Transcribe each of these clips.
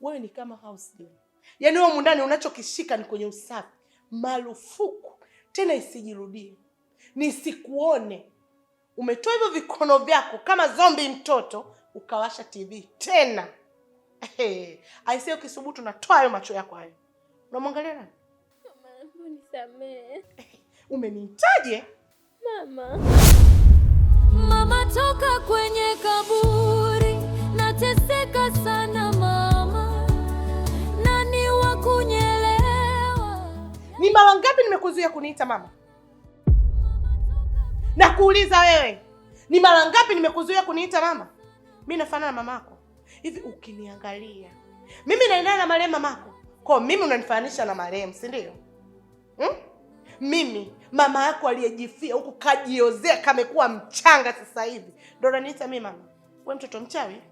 wewe ni kama house girl. Yaani wewe mundani unachokishika ni kwenye usafi. Marufuku tena, isijirudie, nisikuone umetoa hivyo vikono vyako kama zombi mtoto ukawasha TV tena. Hey, aisee, ukisubutu natoa hayo macho yako hayo. Unamwangalia nani? Mama, nisamee. Umenihitaje? Mama. Mama toka kwenye kaburi nateseka sana mama. Ni mara ngapi nimekuzuia kuniita mama na kuuliza wewe? Ni mara ngapi nimekuzuia kuniita mama? Mi nafanana na mamako hivi ukiniangalia mimi naendana na marehemu mamako, kwa mimi unanifananisha na marehemu, si ndio? Hmm? Mimi mama yako aliyejifia huku kajiozea kamekuwa mchanga sasa hivi ndo unaniita mimi mama? We mtoto mchawi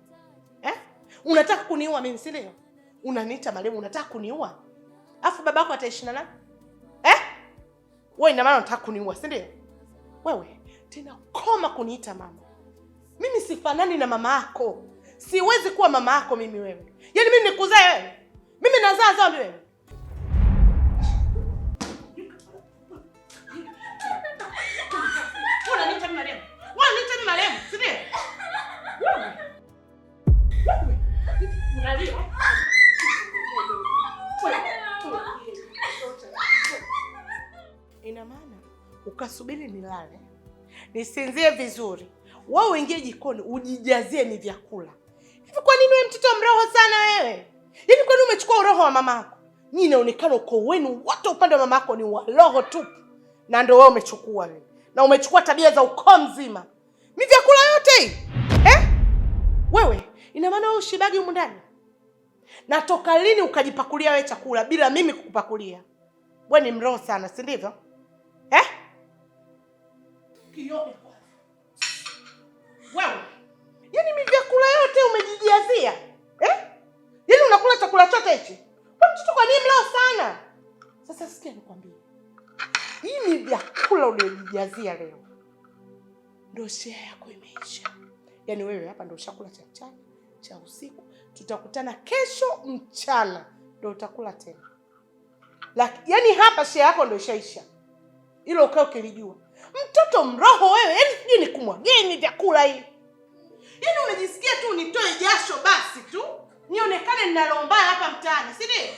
eh? Unataka kuniua mimi, si ndio? Unaniita marehemu, unataka kuniua, afu babako ataishi na nani? wewe, ina maana unataka kuniua, si ndio? Wewe tena koma kuniita mama. Mimi sifanani na mama yako, siwezi kuwa mama yako mimi. Wewe yaani mimi nikuzae wewe? Mimi nazaa zao wewe? ukasubiri nilale nisinzie vizuri, wewe uingie jikoni ujijazie ni vyakula hivi. Kwa nini wewe mtoto mroho sana wewe? Hivi yaani nini umechukua uroho wa mamako? Nyi inaonekana uko wenu wote upande wa mamako ni wa roho tupu, na ndio wewe umechukua wewe, na umechukua tabia za ukoo mzima. Ni vyakula yote hii eh? Wewe ina maana wewe ushibagi humu ndani? Natoka lini ukajipakulia wewe chakula bila mimi kukupakulia? Wewe ni mroho sana, si ndivyo? kiome kwanza. Wewe yaani mi vyakula yote umejijiazia eh? Yani unakula chakula chote hichi mtoto, kwa nini mlao sana? Sasa sikia nikwambie, hii ni vyakula uliojijazia leo, ndio share yako imeisha. yani wewe hapa ndio ushakula cha mchana cha usiku, tutakutana kesho mchana ndio utakula tena. yani hapa share yako ndio ishaisha, ilo ukae ukilijua mtoto mroho wewe, yaani sijui ni kumwageni vyakula hii, yaani unajisikia tu nitoe jasho basi tu nionekane ninalombaya hapa mtaani, si ndio?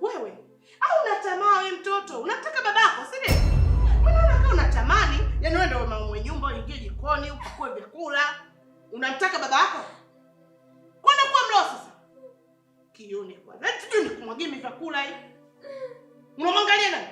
Wewe au unatamaa wewe, mtoto unataka babako, si ndio? Mbona unatamani, yaani wewe ndio mama mwenye nyumba, uingie jikoni upakue vyakula, unamtaka baba yako kwenda kuwa mroho sasa? Kione kwanza, sijui ni kumwageni vyakula hii, unamwangalia nani?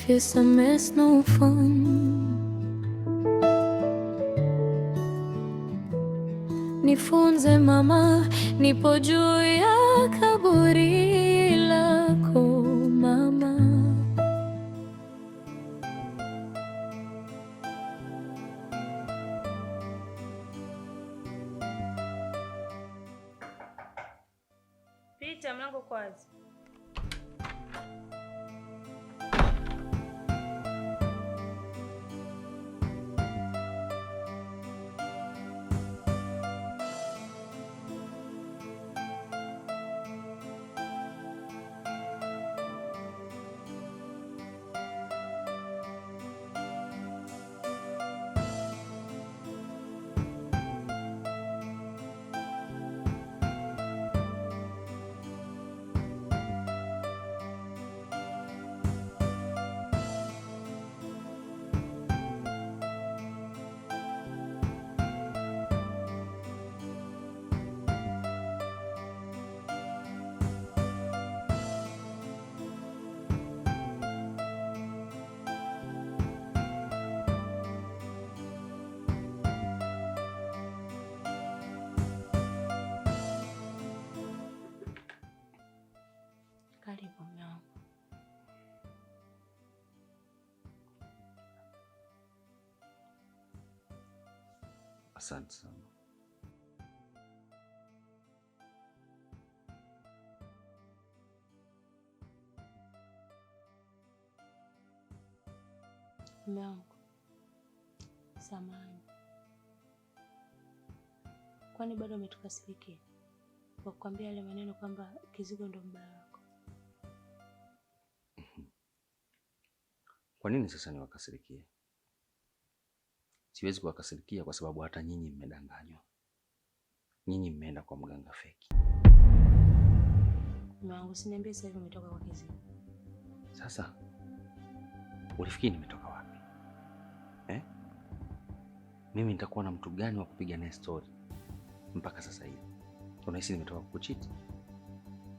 life is mess, no fun. Nifunze mama, nipo juu ya e kaburi lako mama. Pita mlango kwazi. Asante sana. Mume wangu, samahani. Kwani bado umetukasirikia kwa kukwambia yale maneno kwamba Kizigo ndo mbaya wako? Mhm. Kwa nini sasa niwakasirikie? siwezi kuwakasirikia kwa sababu hata nyinyi mmedanganywa. Nyinyi mmeenda kwa mganga feki. Mwangu, usiniambie sasa hivi umetoka kwa kiziwi. Sasa ulifikiri nimetoka wapi eh? Mimi nitakuwa na mtu gani wa kupiga naye stori mpaka sasa hivi? Unahisi nimetoka kukuchiti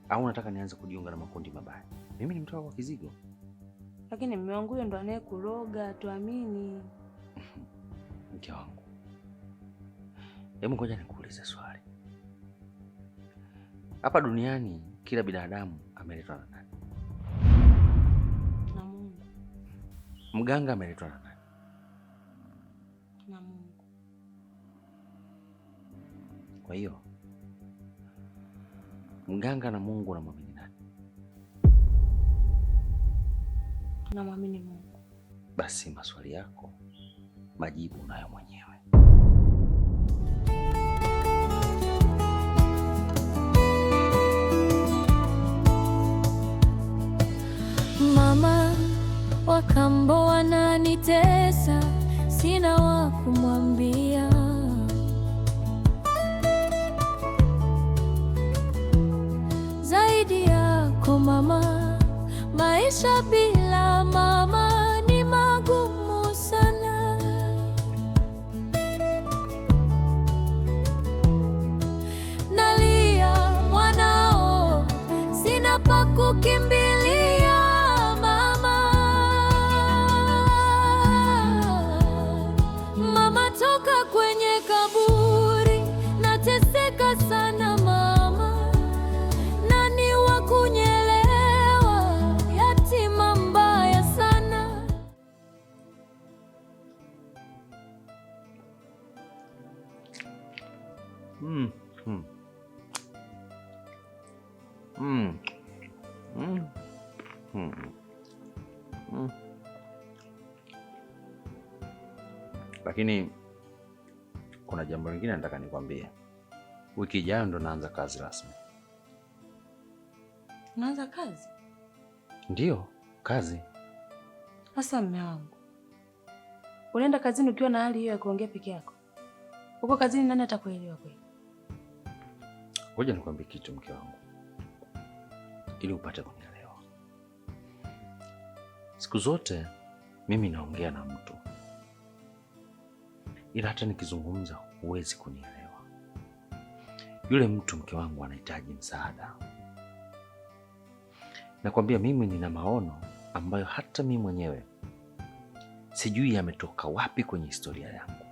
au unataka nianze kujiunga na makundi mabaya? Mimi nimetoka kwa kizigo. Lakini mume wangu huyo ndo anayekuroga, tuamini. mke wangu. Hebu ngoja nikuulize swali. Hapa duniani kila binadamu ameletwa na nani? Na Mungu. Mganga ameletwa na nani? Na Mungu. Kwa hiyo mganga na Mungu unamwamini nani? Namwamini Mungu. Basi maswali yako majibu unayo mwenyewe. Mama wakambo wananitesa, sina wa kumwambia Mm. Mm. Mm. Lakini kuna jambo lingine nataka nikwambie. Wiki ijayo ndo naanza kazi rasmi. naanza kazi? ndio kazi. Sasa mme wangu, unaenda kazini ukiwa na hali hiyo ya kuongea peke yako? Uko kazini, nani atakuelewa kweli? Ngoja nikwambie kitu mke wangu, ili upate kunielewa. Siku zote mimi naongea na mtu, ila hata nikizungumza huwezi kunielewa. Yule mtu mke wangu anahitaji msaada. Nakwambia mimi nina maono ambayo hata mimi mwenyewe sijui yametoka wapi kwenye historia yangu.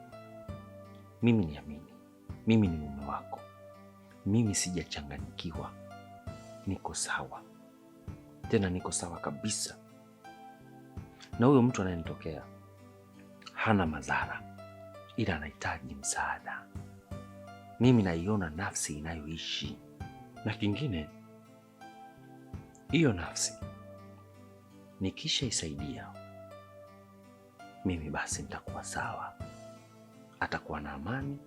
Mimi niamini, mimi ni mume wako mimi sijachanganyikiwa, niko sawa, tena niko sawa kabisa. Na huyo mtu anayenitokea hana madhara, ila anahitaji msaada. Mimi naiona nafsi inayoishi, na kingine, hiyo nafsi nikishaisaidia mimi, basi nitakuwa sawa, atakuwa na amani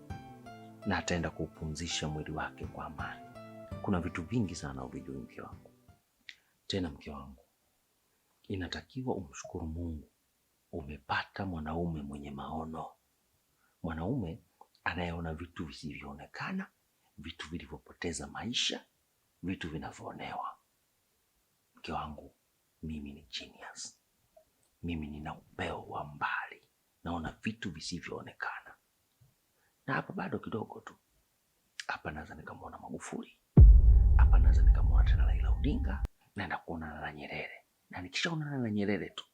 na ataenda kuupumzisha mwili wake kwa amani. Kuna vitu vingi sana uvijui, mke wangu. Tena mke wangu, inatakiwa umshukuru Mungu, umepata mwanaume mwenye maono, mwanaume anayeona vitu visivyoonekana, vitu vilivyopoteza maisha, vitu vinavyoonewa. Mke wangu, mimi ni genius. Mimi nina upeo wa mbali, naona vitu visivyoonekana na hapa bado kidogo tu, hapa naweza nikamwona Magufuli, hapa naweza nikamwona tena Raila Odinga, naenda kuonana na Nyerere, na nikishaonana na Nyerere tu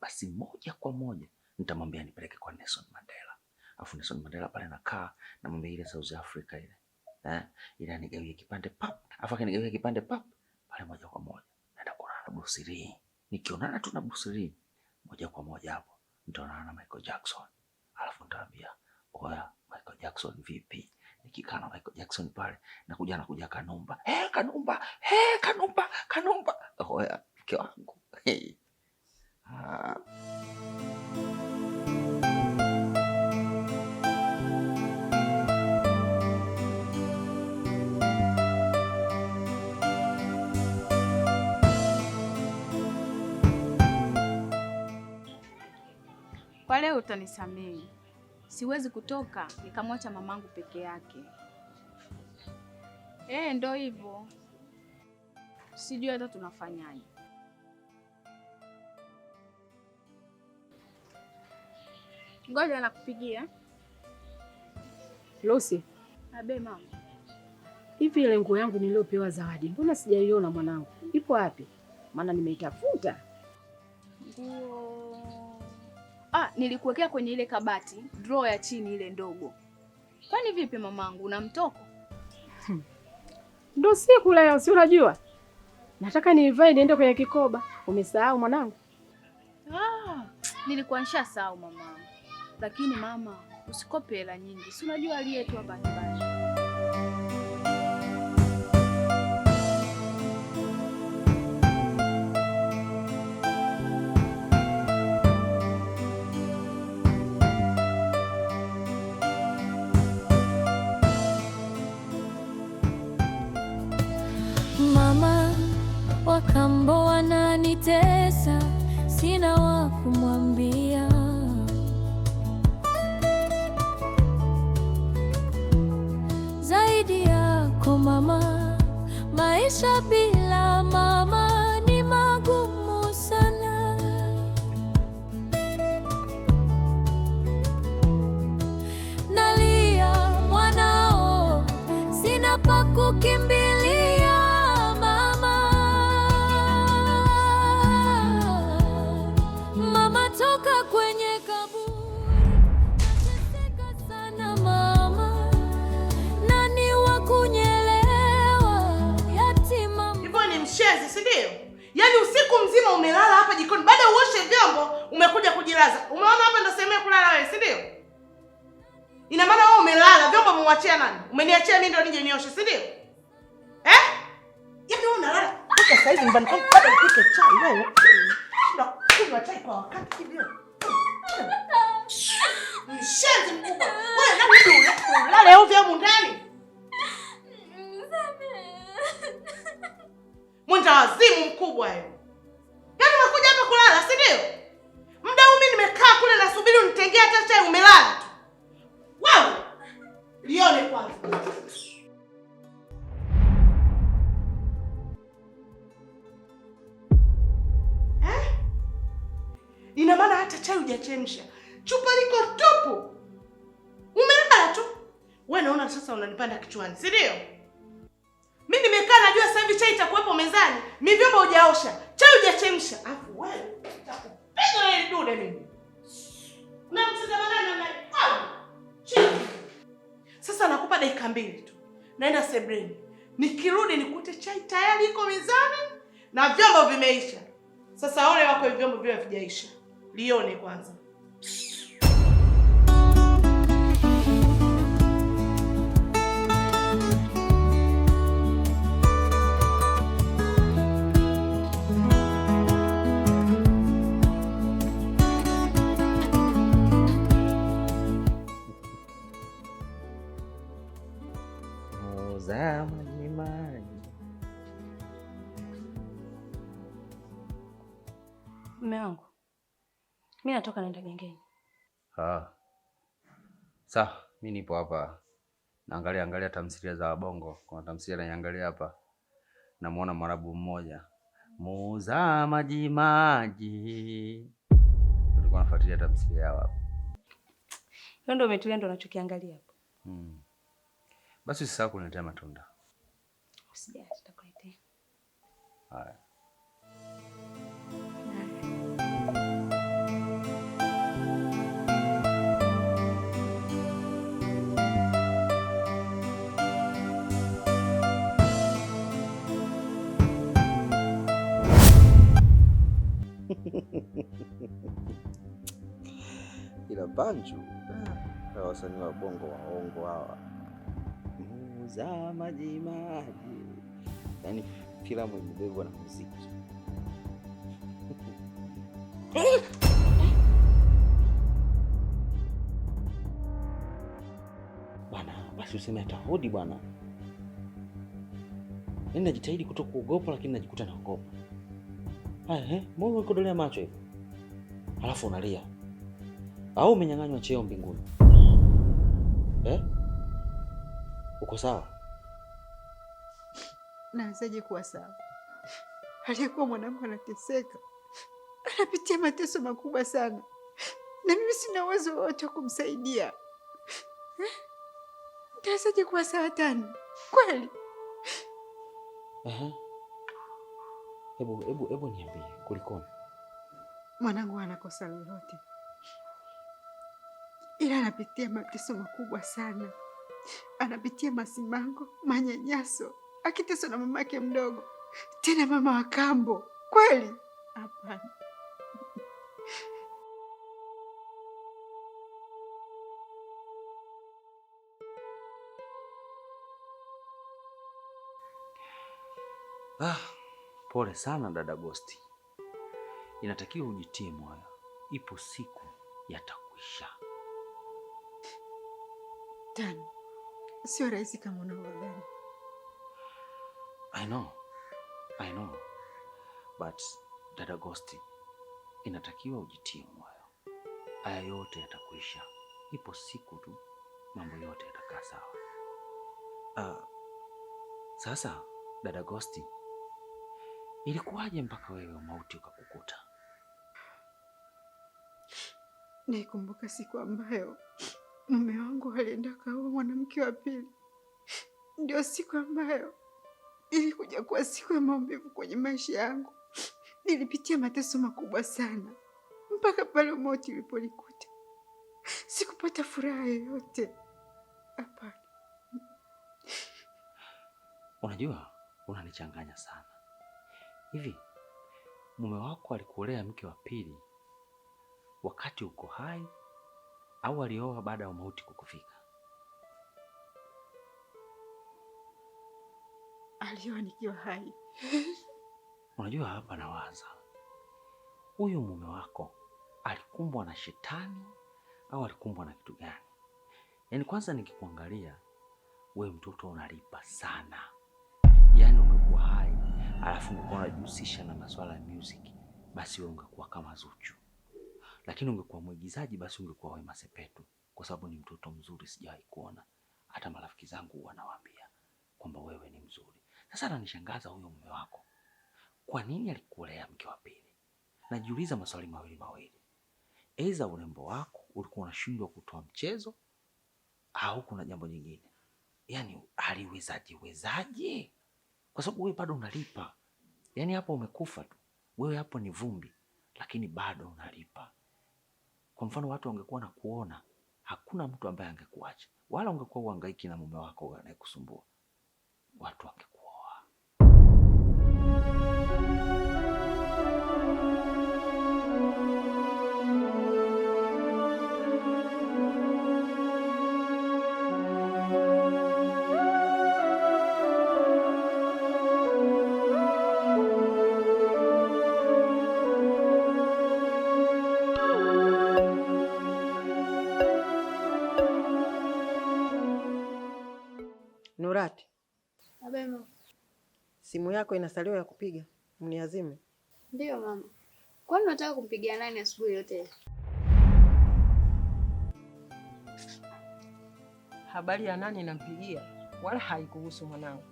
basi moja kwa moja nitamwambia nipeleke kwa Nelson Mandela, afu Nelson Mandela pale nakaa na mambo ile South Africa ile eh, ile anigawie kipande pap, afu akanigawia kipande pap pale, moja kwa moja naenda kuonana na Bruce Lee. Nikionana tu na Bruce Lee moja kwa moja hapo nitaonana na Michael Jackson, alafu nitaambia oya Michael Jackson vipi? Nikikaa na Michael Jackson pale nakuja nakuja Kanumba. Eh, Kanumba, eh, Kanumba, Kanumba. Oh, ya, mke wangu. Hey. Ah. Kwa leo utanisamehe siwezi kutoka nikamwacha mamangu peke yake. Eh, ndo hivyo, sijui hata tunafanyaje. Ngoja nakupigia. Losi. Abe mama, hivi ile nguo yangu niliyopewa zawadi, mbona sijaiona mwanangu? Ipo wapi? Maana nimeitafuta nguo Ah, nilikuwekea kwenye ile kabati draw ya chini ile ndogo. Kwani vipi mamangu, una mtoko? Hmm. Ndo siku leo, si unajua nataka niivae niende kwenye kikoba. Umesahau mwanangu? Ah, nilikuwa nishasahau mamangu, lakini mama usikope hela nyingi, si unajua aliyetua bahati mbaya kumkimbilia mama. Mama toka kwenye kaburi, nateseka sana mama, nani wa kunyelewa yatima. Hivyo ni mshezi, si ndio? Yaani usiku mzima umelala hapa jikoni, baada ya uoshe vyombo umekuja kujilaza. Umeona hapa ndo sehemu ya kulala wewe, si ndio? Ina maana wewe umelala, vyombo umewachia nani? Umeniachia mimi ndo nije nioshe, si ndio? Eh? Yaani nyumbani kwangu bado upike chai wewe. kunywa chai kwa wakati hivyo. Mshenzi mkubwa. Wewe nani ndio unalala ovyo Mwenda wazimu mkubwa Yaani unakuja hapa kulala, si ndio? Muda huu mimi nimekaa kule nasubiri unitengee hata chai umelala Wewe. Lione kwanza. kuchemsha, chupa liko tupu, umelala tu. Wewe naona sasa unanipanda kichwani, si ndio? Mimi nimekaa najua sasa hivi chai itakuwepo mezani, mimi vyombo hujaosha, chai hujachemsha, afu wewe utakupiga ile dude mimi na mtazamana na sasa nakupa dakika mbili tu, naenda sebreni, nikirudi nikute chai tayari iko mezani na vyombo vimeisha. Sasa ole wako vyombo vile vijaisha, lione kwanza. natoka naenda gengeni. Ah. Sawa, mi nipo hapa naangalia angalia tamthilia za Wabongo. Kuna tamthilia naiangalia hapa, namuona Mwarabu mmoja muuza maji maji, tulikuwa nafuatilia tamthilia yao hapo. Hiyo ndio umetulia, ndio unachokiangalia hapo? Hmm. Basi usisahau kuniletea matunda. Usijali, tutakuletea. Haya. ila Banju ah, na wasanii wa bongo waongo hawa, muza maji maji, yaani filamu imebebwa na muziki. Bwana basi useme atahodi bwana, nenda yaani jitahidi kuto kuogopa, lakini najikuta naogopa eh, mbona ukodolea macho hivyo alafu unalia au umenyang'anywa cheo mbinguni eh? Uko sawa? Nawezaje kuwa sawa? Aliyekuwa mwanamke anateseka, anapitia mateso makubwa sana, na mimi sina uwezo wote wa kumsaidia. Eh? Nawezaje kuwa sawa tani kweli? uh -huh. Hebu hebu hebu niambie kulikoni? Mwanangu anakosa lolote, ila anapitia mateso makubwa sana, anapitia masimango, manyanyaso, akiteswa na mama mdogo, tena mama wa kambo. Kweli hapana. Ah. Pole sana dada Gosti, inatakiwa ujitie moyo, ipo siku yatakwisha. Tani, sio rahisi kama unavyodhani. I know, I know. But dada Gosti, inatakiwa ujitie moyo, haya yote yatakwisha, ipo siku tu mambo yote yatakaa sawa. Uh, sasa dada Gosti Ilikuwaje mpaka wewe mauti ukakukuta? Naikumbuka siku ambayo mume wangu alienda kaoa mwanamke wa pili. Ndio siku ambayo ilikuja kuwa siku ya maumivu kwenye maisha yangu. Nilipitia mateso makubwa sana mpaka pale mauti ulipolikuta Sikupata furaha yoyote. Hapana. Unajua, unanichanganya sana. Hivi mume wako alikuolea mke wa pili wakati uko hai au alioa baada ya mauti kukufika? Alioa nikiwa hai. Unajua, hapa nawaza huyu mume wako alikumbwa na shetani au alikumbwa na kitu gani? Yaani kwanza nikikuangalia we mtoto unalipa sana, yaani umekuwa hai alafu ungekuwa unajihusisha na masuala ya music, basi wewe ungekuwa kama Zuchu, lakini ungekuwa mwigizaji, basi ungekuwa Wema Sepetu, kwa sababu ni mtoto mzuri, sijawahi kuona. Hata marafiki zangu wanawaambia kwamba wewe ni mzuri. Sasa ananishangaza huyo mume wako, kwa nini alikulea mke wa pili? Najiuliza maswali mawili mawili, aidha urembo wako ulikuwa unashindwa kutoa mchezo au kuna jambo jingine? Yaani aliwezaje wezaje? kwa sababu wewe bado unalipa. Yaani hapo umekufa tu wewe, hapo ni vumbi, lakini bado unalipa. Kwa mfano, watu wangekuwa na kuona, hakuna mtu ambaye angekuacha wala ungekuwa uhangaiki na mume wako anayekusumbua, watu wangekuwa Simu yako inasaliwa ya kupiga, mniazime. ndio mama. Kwani unataka kumpigia nani asubuhi yote? Habari ya nani nampigia wala haikuhusu mwanangu.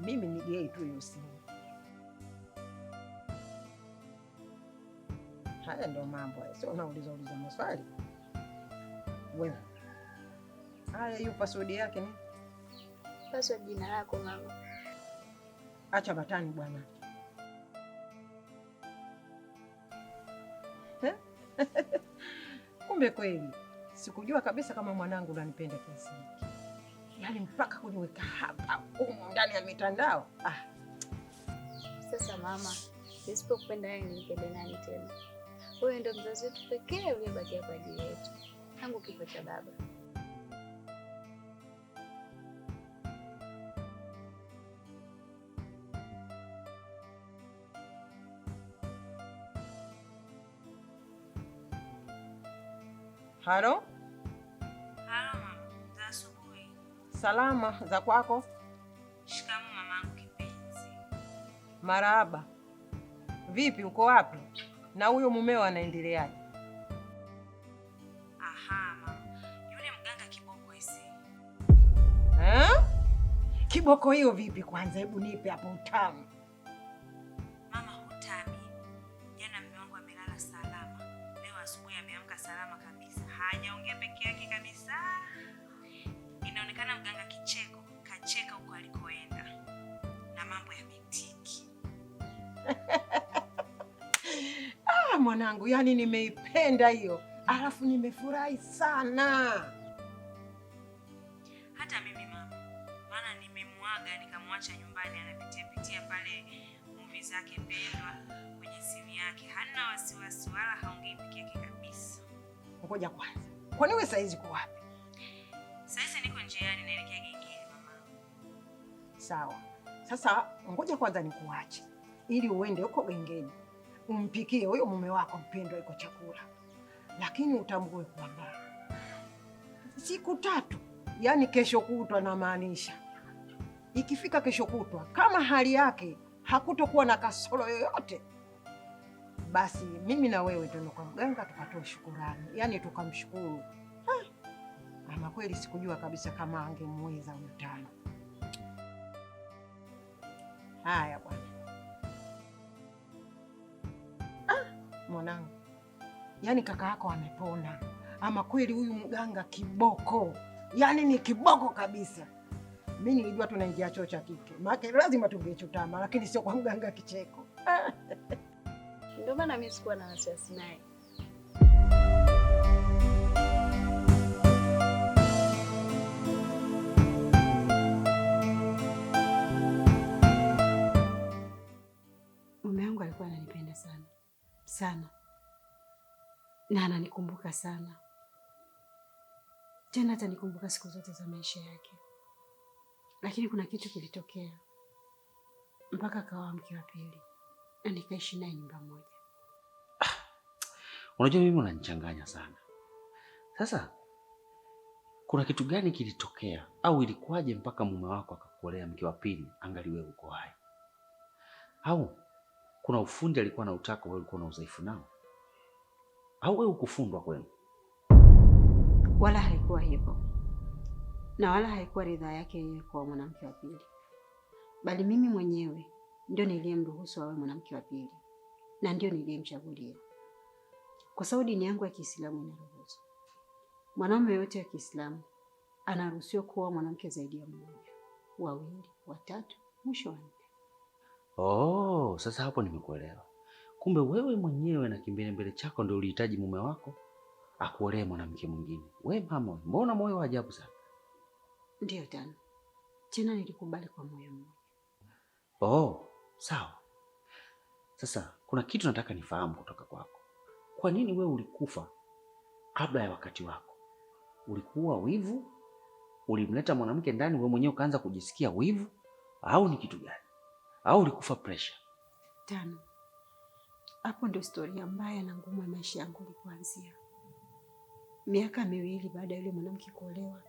Mimi ni gei tu hiyo simu. Haya ndio mambo hayo, sio unauliza uliza maswali wewe. Haya, hiyo password yake ni? Password jina lako mama. Acha batani bwana. Kumbe kweli sikujua kabisa kama mwanangu unanipenda kiasi hiki, yaani mpaka kuniweka hapa umu ndani ya mitandao ah. Sasa mama, nisipokupenda yeye nipende nani tena? Wewe ndo mzazi wetu pekee uliyebaki kwa ajili yetu tangu kifo cha baba. Halo, halo mama, za asubuhi. Salama za kwako? Shikamoo mamangu kipenzi. Marahaba. Vipi, uko wapi na huyo mumeo anaendeleaje? Aha mama, yule mganga kiboko isi. Eh? Kiboko hiyo vipi kwanza, hebu nipe hapo utamu mwanangu, yaani nimeipenda hiyo, alafu nimefurahi sana. Hata mimi mama, maana nimemwaga nikamwacha nyumbani, anapitia pitia pale muvi zake pendwa kwenye simu yake, hana wasiwasi wala haongei yake kabisa. Ngoja kwanza, kwani wewe saizi uko wapi? Saizi niko njiani naelekea gengeni mama. Sawa, sasa ngoja kwanza nikuache ili uende huko gengeni umpikie huyo mume wako mpendwa iko chakula, lakini utambue kwamba siku tatu, yaani kesho kutwa, namaanisha ikifika kesho kutwa, kama hali yake hakutokuwa na kasoro yoyote, basi mimi na wewe ndio kwa mganga tukatoe shukurani, yaani tukamshukuru. Ama kweli sikujua kabisa kama angemweza mtano. Haya bwana. mwanangu, yaani kaka yako amepona. Ama kweli huyu mganga kiboko, yaani ni kiboko kabisa. Mi nilijua tunaingia choo cha kike, maana lazima tungechutama, lakini sio kwa mganga kicheko. Ndio maana mimi sikuwa na wasiwasi naye. sana na ananikumbuka sana, tena atanikumbuka siku zote za maisha yake, lakini kuna kitu kilitokea mpaka akawa mke wa pili na nikaishi naye nyumba moja. Ah, unajua mimi unanichanganya sana sasa. Kuna kitu gani kilitokea au ilikuwaje mpaka mume wako akakuolea mke wa pili angali wewe uko hai au kuna ufundi alikuwa utaka wewe ulikuwa na udhaifu nao, au wewe ukufundwa kwenu? Wala haikuwa hivyo, na wala haikuwa ridhaa yake yeye kwa mwanamke wa pili, bali mimi mwenyewe ndio niliyemruhusu awe mwanamke wa pili na ndio niliyemchagulia, kwa sababu dini yangu ya Kiislamu inaruhusu mwanaume yote wa Kiislamu anaruhusiwa kuwa mwanamke zaidi ya mmoja, wawili, watatu, mwisho wanne. Oh, sasa hapo nimekuelewa. Kumbe wewe mwenyewe na kimbelembele chako ndio ulihitaji mume wako akuolee mwanamke mwingine. We mama, mbona moyo wa ajabu sana? Ndio tena tena, nilikubali kwa moyo mmoja. Oh, sawa. Sasa kuna kitu nataka nifahamu kutoka kwako. Kwa nini wewe ulikufa kabla ya wakati wako? Ulikuwa wivu? Ulimleta mwanamke ndani, wewe mwenyewe ukaanza kujisikia wivu, au ni kitu gani? au ulikufa presha? Tano. Hapo ndo historia mbaya na ngumu ya maisha yangu ilipoanzia, miaka miwili baada ya yule mwanamke kuolewa